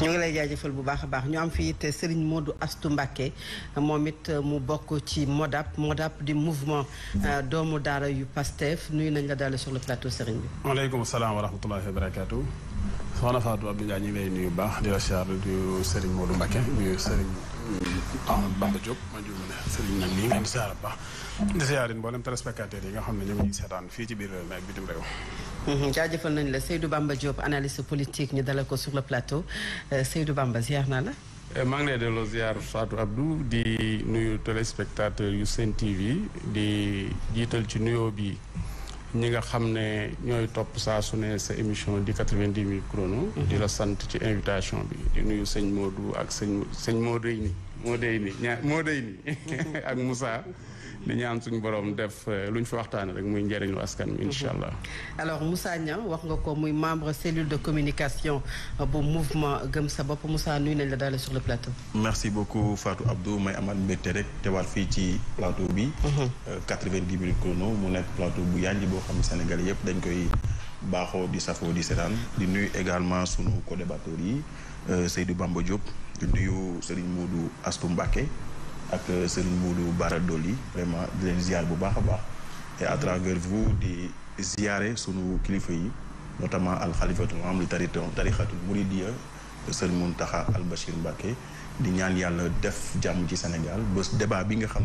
ñu ngi lay jaajëfal bu baax a baax ñu am fi it Serigne Modou astu Mbacké moom it mu bokk ci MODAP MODAP di mouvement euh, doomu daara yu Pastef nuyu nañ la daal sur le plateau Serigne bi. maaleykum salaam wa rahmatullahi wa barakaatu. soxna Fatou Abdou Ndiaye ñu ngi lay nuyu baax di la siyaar di Serigne Modou Mbacké nuyu Serigne euh, Ahmad Bamba Diop ma juum ne Serigne nag nii nga di siyaar bu baax. di siyaar mboolem téléspectateurs yi nga xam ne ñu ngi seetaan fii ci biir réew mi ak bitim réew. Mhm. jaajëfal nañ la Seydou Bamba Diop analyste politique ñu dalal ko sur le plateau euh, Seydou Bamba ziar na la. Euh, maa ngi lay delloo ziar Fatou Abdou di nuyu téléspectateur yu Sen TV di jiital ci nuyoo bi ñi nga xam ne ñooy topp saa su ne sa émission di 90 minutes chrono. Mhm. di la sant ci invitation bi di nuyu sëñ Modou ak sëñ sëñ Modou yi nii moo day ni ñaa moo day ni ak Moussa di ñaan suñu borom def eh, lu ñu fi rek muy njëriñu askan wi mhm. alors Moussa n'ya, wax nga ko muy membre cellule de communication euh, bu mouvement gëm sa bopp Moussa nuyu nañ la daal sur le plateau. merci beaucoup Fatou Abdou may amaat mbégte rek teewaat fii ci plateau bi. 90 mhm. euh, minutes chrono mu nekk plateau bu yànji boo xam ne Sénégal yëpp dañ koy baaxoo di Safo di seetaan di nuy également sunu co euh, Seydou Bambo Diop Astou Mbacké ak euh, Serigne Modou doli vraiment di ziar et à travers vous di ziare sunu le yi notamment al Khalifatou le li tariton Serigne Al Bashir Mbacké di def fait Sénégal débat bi nga xam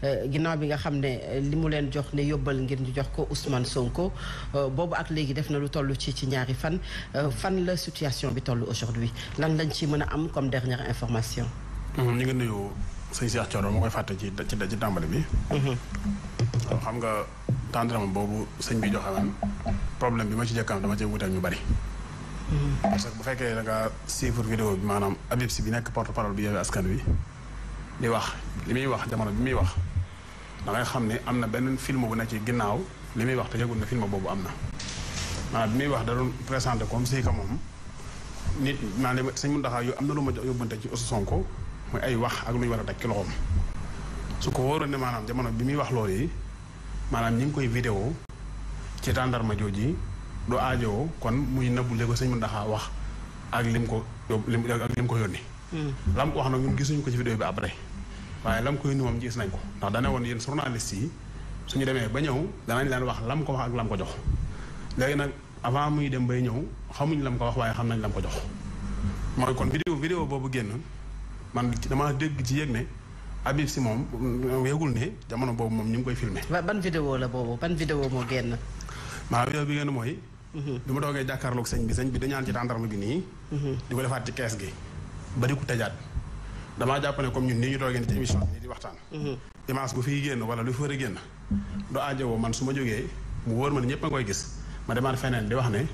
Euh, ginnaaw bi nga xam ne euh, li mu leen jox ne yóbbal ngir ñu jox ko Ousmane Sonko euh, boobu ak léegi def na lu toll ci ci ñaari fan fan la situation bi toll aujourd'hui lan lañ ci mën a am comme dernière information. ñu ngi nuyu sëñ Cheikh Thioro ma koy fàtte ci ci bi. Mhm. xam nga tàndaram boobu sëñ bi joxe woon problème bi ma ci jëkkam dama ci wutal ñu bari. Mhm. parce que bu fekkee da nga suivre vidéo bi maanaam Habib Sy bi nekk porte parole bi Yewwi Askan Wi di wax. li muy wax jamono bi muy wax da ngay xam ne am na benn film bu ne ci ginnaaw li muy wax te yëgul ne film boobu am na. maanaam bi muy wax da doon présenté comme si que moom nit maanaam sëñ Mountakha yu am na lu ma yóbbante ci Sonko muy ay wax ak lu war a teg ci loxoom. su ko wóoroon ne jamono bi muy wax loolu yi maanaam ñi ngi koy vidéo ci tàndarma jooji du aajoo kon muy nëbbu léegi sëñ Mountakha wax ak lim ko yób ak lim ko yónni. Hmm. lam ko wax na ñun gisuñ ko ci vidéo bi après. waaye lam koy nu moom gis nañ ko ndax dana woon yéen journaliste yi suñu demee ba ñëw danañ leen wax lam ko wax ak lam ko jox léegi nag avant muy dem bay ñëw xamuñ lam ko wax waaye xam nañ lam ko jox mooy kon vidéo vidéo boobu génn man dama dégg ci yëg ne Habib si moom yëgul ne jamono boobu moom ñu ngi koy filmé ban vidéo la boobu ban vidéo moo génn maa vidéo bi génn mooy mhm. bi ma toogee jàkkaarloog sëñ bi sëñ bi dañaan ci tàndarma bi nii mhm. di ko defaat ci kees gi ba di ko tëjaat damaa jàpp ne comme ñun nii ñu toogee ni ci émission bi nii di waxtaan mhm. image bu fiy génn wala lu fi war a génn do ajowoo man su ma jógee mu wóor ma ne ñëpp a koy gis ma demaat feneen di wax ne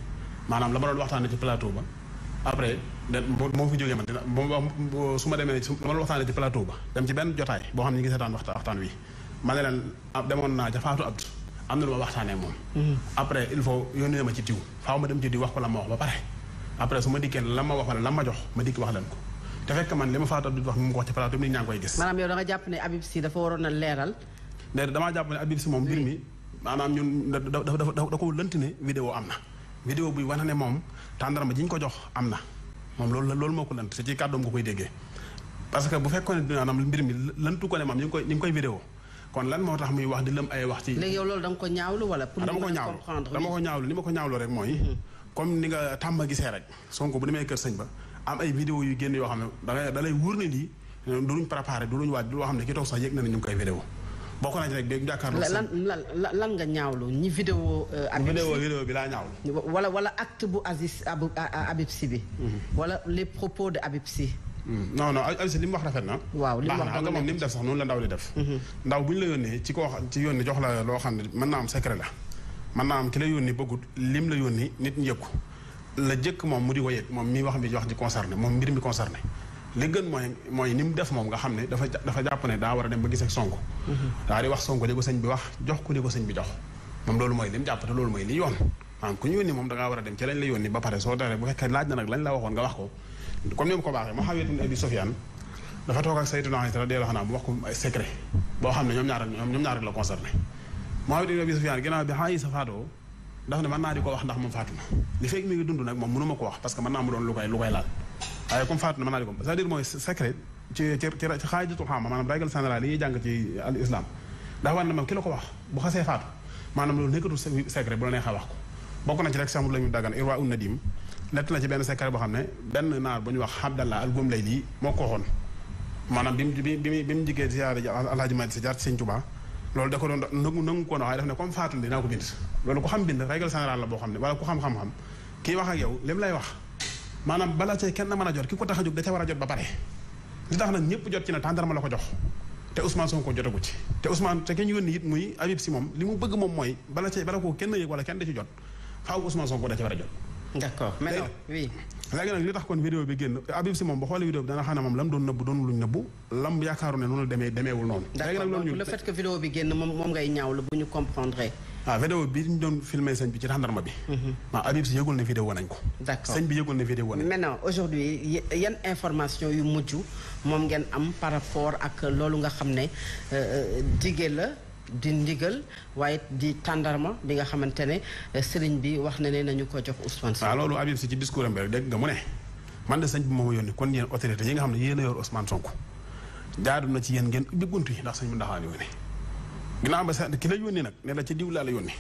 maanaam la ma doon waxtaanee ci plateau ba après da moom fi jógee man dina moom su ma ma doon waxtaanee ci plateau ba dem ci benn jotaay boo xam ne ñu ngi seetaan waxtaan waxtaan wi ma ne leen demoon naa ca Faatu Abdu am na lu ma waxtaanee moom mhm. après il faut yónnee ma ci diw faaw ma dem ci wax ko la ma wax ba pare après su ma dikkee la ma wax wala la ma jox ma dikk wax leen ko te fekk man li ma Fatou Abdou wax mi mu ko wax ci plateau bi a leeral. déedéet damaa moom mbir mi maanaam ñun da da da da koo lënt ne vidéo am na. vidéo buy wane ne moom tàndarma ji ñu ko jox am na moom loolu loolu moo ko lënt te ci koy déggee parce que bu fekkoon ne maanaam mbir mi lëntu ko ne maam ñu koy ñu ngi koy moo tax muy wax di lëm ay wax ci. léegi yow loolu da nga ko ñaawlu wala. pour ah, dama ko ñaawlu dama ko ñaawlu ni ma ko ñaawlu rek mooy. Hmm. comme ni nga tàmm gisee rek Sonko bu demee kër sëñ ba am ay vidéo yu génn yoo xam ne dangay da lay wóor lii du luñ préparé du luñ waaj du loo xam ne ki toog sax yëg na ne ñu ngi koy vidéo bokk na ci rek dégg euh, bi laa ñaawlu wala wala acte bu Aziz Habib Sy bi mhm. wala les propos de Habib Sy mhm. non non Habib Sy li wax rafet na waaw li mu wax nga moom ni mu def sax la ndaw li def mhm. la yónnee ci koo ci jox la loo xam ne mën naa am secret la mën naa am ki la yónni bëggut lim la yónni nit ñi yëg la jëkk moom mu di ko yëg moom mi wax mi wax ji concerné moom mbir mi concerné li mooy mooy ni def moom nga xam ne dafa jàpp ne daa war a dem ba gis ak Sonko mm-hmm. daa di wax Sonko li ko sëñ bi wax jox ko ko sëñ bi jox moom loolu mooy li mu jàpp te loolu mooy li yoon maanaam ku ñu yónni moom da ngaa war a la yónni ba pare soo daree bu la waxoon nga xam ne ñoom ñaar la concerné Muawiya ibn Abi Sufyaan ginnaaw ndax ne mën naa di ko wax ndax moom faatu na li fekk mi ngi dund nag moom mënu ma ko wax parce que mën naa mu doon lu koy laal waaye comme faatu na mën naa di ko cest dire mooy secret ci ci ci xaajatul xam maanaam règle xasee faatu maanaam loolu nekkatul secret bu la neexee wax ko bokk na ci rek samul la ñu daggan irwa un nadim nett na ci benn secret boo xam ne benn naar bu ñu wax Abdallah al Gumlay lii moo ko waxoon bi mu bi mu bi mu jigee ziyaare ci Sëñ loolu da ko doon nangu nangu ko waaye daf ne comme faatul dinaa ko bind loolu ku xam bind règle générale la boo xam ne wala ku xam-xam-xam kii wax ak yow lim lay wax maanaam bala cee kenn mën a jot ki ko tax a jóg da ca war a jot ba pare li tax nag ñëpp jot ci na ne tàndarma la ko jox te Ousmane Sonko jotagu ci te Ousmane te ki ñu yónni it muy Habib si moom li mu bëgg moom mooy bala cee bala ko kenn yëg wala kenn da ci jot faaw Ousmane Sonko da ci war d'accord mais non oui. léegi nag li tax kon vidéo bi génn Habib si moom ba xoolee vidéo bi dana xam ne moom lam doon nëbbu doon luñ nëbbu lam yaakaaru ne noonu la demee le fait que vidéo bi génn moom moom ngay ñaawlu bu comprendre. ah vidéo bi ñu doon filmé sëñ bi ci gendarme bi. Mhm. ah Habib si yëgul ne vidéo nañ ko. d'accord sëñ bi yëgul ne vidéo nañ maintenant aujourd'hui yan information yu muju moom ngeen am par rapport ak loolu nga xam ne euh, euh, la. di ndigal waaye di tàndarma bi nga xamante ne eh, sëriñ bi wax na ne nañu ko jox Ousmane Sonko. waaw loolu Habib si ci discours am rek dégg nga mu ne man de sëñ bi moom a yónni kon yéen autorité yi nga xam ne yéen a yor Ousmane Sonko na ci yéen ngeen ubbi bunt yi ndax sëñ bi ndax a yónni ginnaaw ba sax ki la yónni nag ne la ci diw laa la yónni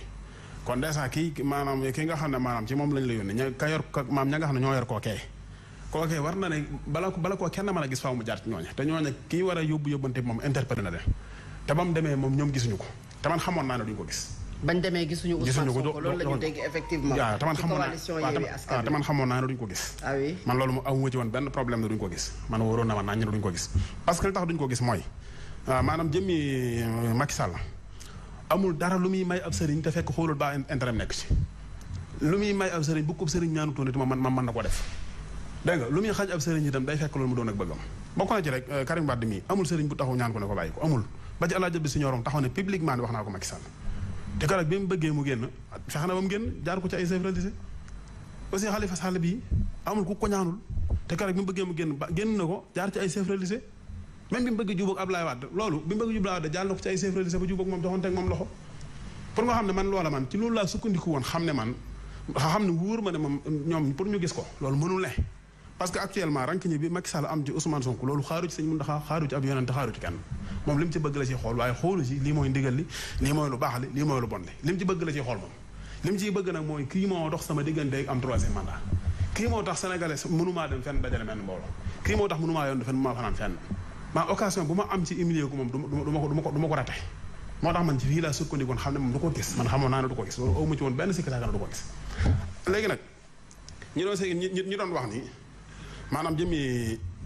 kon dèjà kii maanaam ki nga xam ne maanaam ci moom lañ la yoon ña ka yor maam ña nga xam ne ñoo yor kookee kookee war na ne bala bala kenn mën a gis faaw mu jaar ci ñooña te ñooña kii war a yóbbu yóbbante moom interpellé na leen te ba mu demee moom ñoom gisuñu ko te man xamoon naa ne duñu ko gis. bañ demee gisuñu Ousmane Sonko loolu lañu dégg effectivement. waaw taman xamoon duñ ko gis. ah oui man loolu mu amu ci woon benn problème ne ko gis man waroon na ma naa ñu ne duñ ko gis. parce que li tax ko gis mooy ah, maanaam jëmmi euh, Macky Sall amul dara lu muy may ab sëriñ te fekk xoolul ba intérêt nekk ci. lu muy may ab sëriñ bu ko sëriñ ñaanutoon it ma man man na ko def dégg lu muy xaj ab sëriñ itam day fekk loolu mu doon ak bëggam bokk na ci rek euh, Karim Wade mi amul sëriñ bu taxaw ñaan ko ne ko bàyyi ko amul ba ci El Hadj Abdou Sy Ndorong taxaw ne publiquement ni wax naa ko Macky Sall te ko rek bi mu bëggee mu génn fexe na ba mu génn jaar ko ci ay chefs religieux aussi Khalifa Sall bii amul ku ko ñaanul te ko rek bi mu bëggee mu génn ba génn na ko jaar ci ay chefs religieux même bi mu bëgg jubóog Ablaye Wade loolu bi mu bëgg jubóog Ablaye Wade jaar na ko ci ay chefs religieux ba jubóog moom doxanteeg moom loxo pour nga xam ne man loola man ci loolu laa sukkandiku woon xam ne man xam ne wóor ma ne moom ñoom pour ñu gis ko loolu mënul ne parce que actuellement rank ñi bi Macky Sall am ci Ousmane Sonko loolu xaaru ci sëñ Mountakha xaaru ci ab yonante xaaru ci kenn moom li mu ci bëgg la ci xool waaye xoolu ci lii mooy ndigal li lii mooy lu baax li lii mooy lu bon li li mu ci bëgg la ci xool moom li mu ciy bëgg nag mooy kii moo dox sama diggante ak am troisième mandat kii moo tax sénégalais mënumaa dem fenn dajale menn mbooloo kii moo tax mënumaa yoon fenn mënumaa fanaan fenn maa occasion bu ma am ci humilier ko moom du ma ko du ma ko rate moo tax man ci fii laa sukkandikoon xam ne moom du ko gis man xamoon naa ne du ko gis loolu aw ma ci woon benn sikki saaka du ko gis léegi nag ñu doon se ñu doon wax ni maanaam jëmmi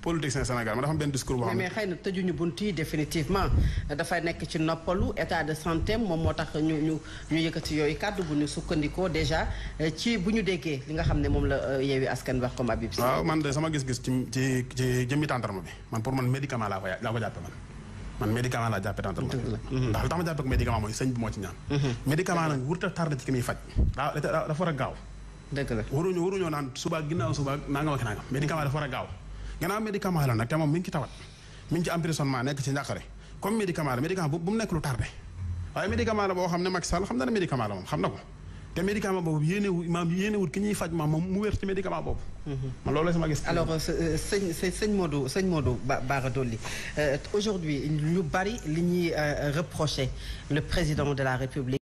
politicien Sénégal ma dafa am benn discours boo xam ne mais xëy na tëjuñu bunt yi définitivement dafa nekk ci noppalu état de santé moom moo tax ñu ñu ñu yëkkati yooyu kàddu bu ñu sukkandikoo déjà euh, ci bu ñu déggee li nga xam ne moom la euh, yeewi askan wax comme Habib waaw man de sama gis-gis ci ci ci jëmmi tàndarma bi man pour man médicament laa ko laa ko jàppe man man médicament laa jàppe tàndarma ndax lu tax ma jàppe ko médicament mooy sëñ bi moo ci ñaan mhm. médicament nag wurta tardé ci ki muy faj dafa war a gaaw dëgg la waruñu waruñoo naan suba ginnaaw suba naa nga wax naa nga médicament dafa war a gaaw gannaaw médicament la nag te moom mi ngi tawat mi ngi ci emprisonnement nekk ci njàqare comme médicament médicament bu mu nekk lu tardé waaye médicament la boo xam ne Macky Sall xam na médicament la moom xam na ko te médicament bobu yéene wu maam yéene wut ki ñi faj mom mu wër ci médicament boobu. Mhm. man loolu la sama gis. alors euh, euh, sëñ sëñ Modou sëñ Modou baara doli euh, aujourd'hui lu bari li ñi reprocher le président de la République.